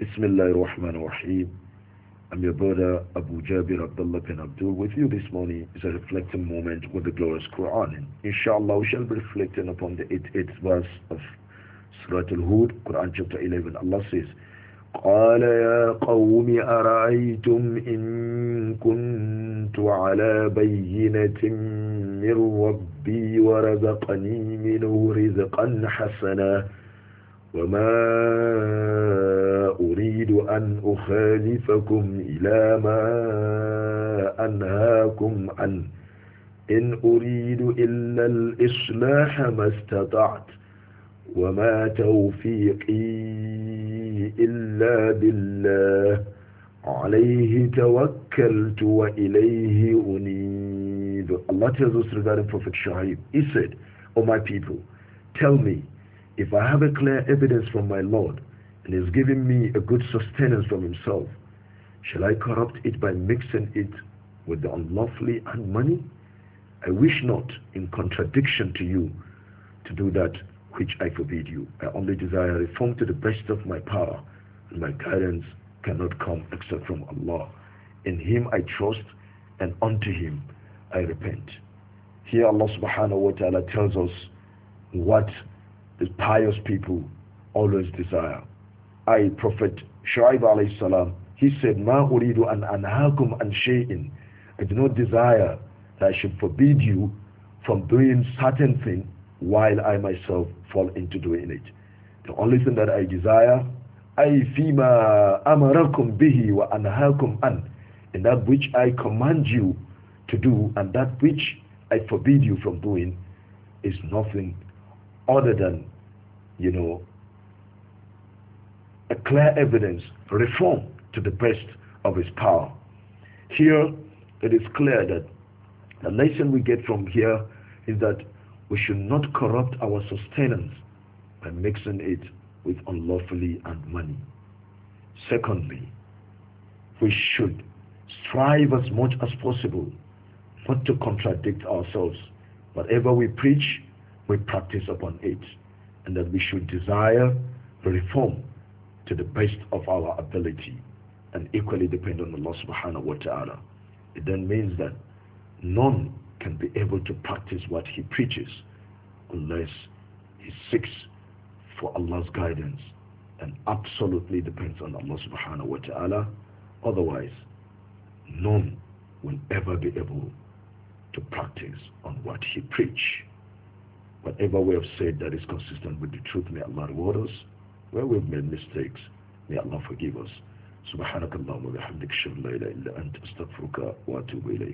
Bismillah ar-Rahman ar-Rahim. I'm your brother Abu Jabir Abdullah bin Abdul. With you this morning is a reflecting moment with the glorious Quran. Inshallah, we shall be reflecting upon the 88th verse of Surah Al-Hud, Quran chapter 11. Allah says, قال يا قوم أرأيتم إن كنت على بينة من ربي ورزقني منه رزقا حسنا وما أريد أن أخالفكم إلى ما أنهاكم عن إن أريد إلا الإصلاح ما استطعت وما توفيقي إلا بالله عليه توكلت وإليه أنيب الله tells us regarding Prophet Shuaib He said, O my people, tell me if I have a clear evidence from my Lord and is giving me a good sustenance from himself, shall I corrupt it by mixing it with the unlawfully and money? I wish not, in contradiction to you, to do that which I forbid you. I only desire reform to the best of my power, and my guidance cannot come except from Allah. In Him I trust, and unto Him I repent. Here Allah subhanahu wa ta'ala tells us what the pious people always desire. I, Prophet Shu'aib alayhi salam, he said, Ma uridu an anhakum an shay'in. I do not desire that I should forbid you from doing certain thing while I myself fall into doing it. The only thing that I desire, I fima amarakum bihi wa anhakum an. In that which I command you to do and that which I forbid you from doing is nothing other than, you know, a clear evidence reform to the best of his power. Here, it is clear that the lesson we get from here is that we should not corrupt our sustenance by mixing it with unlawfully and money. Secondly, we should strive as much as possible not to contradict ourselves. Whatever we preach, we practice upon it, and that we should desire reform to the best of our ability and equally depend on Allah subhanahu wa ta'ala. It then means that none can be able to practice what he preaches unless he seeks for Allah's guidance and absolutely depends on Allah subhanahu wa ta'ala. Otherwise, none will ever be able to practice on what he preach. Whatever we have said that is consistent with the truth, may Allah reward us where we've made mistakes, may Allah forgive us. Subhanakallah wa bihamdika shallallahu illa anta astaghfiruka wa atubu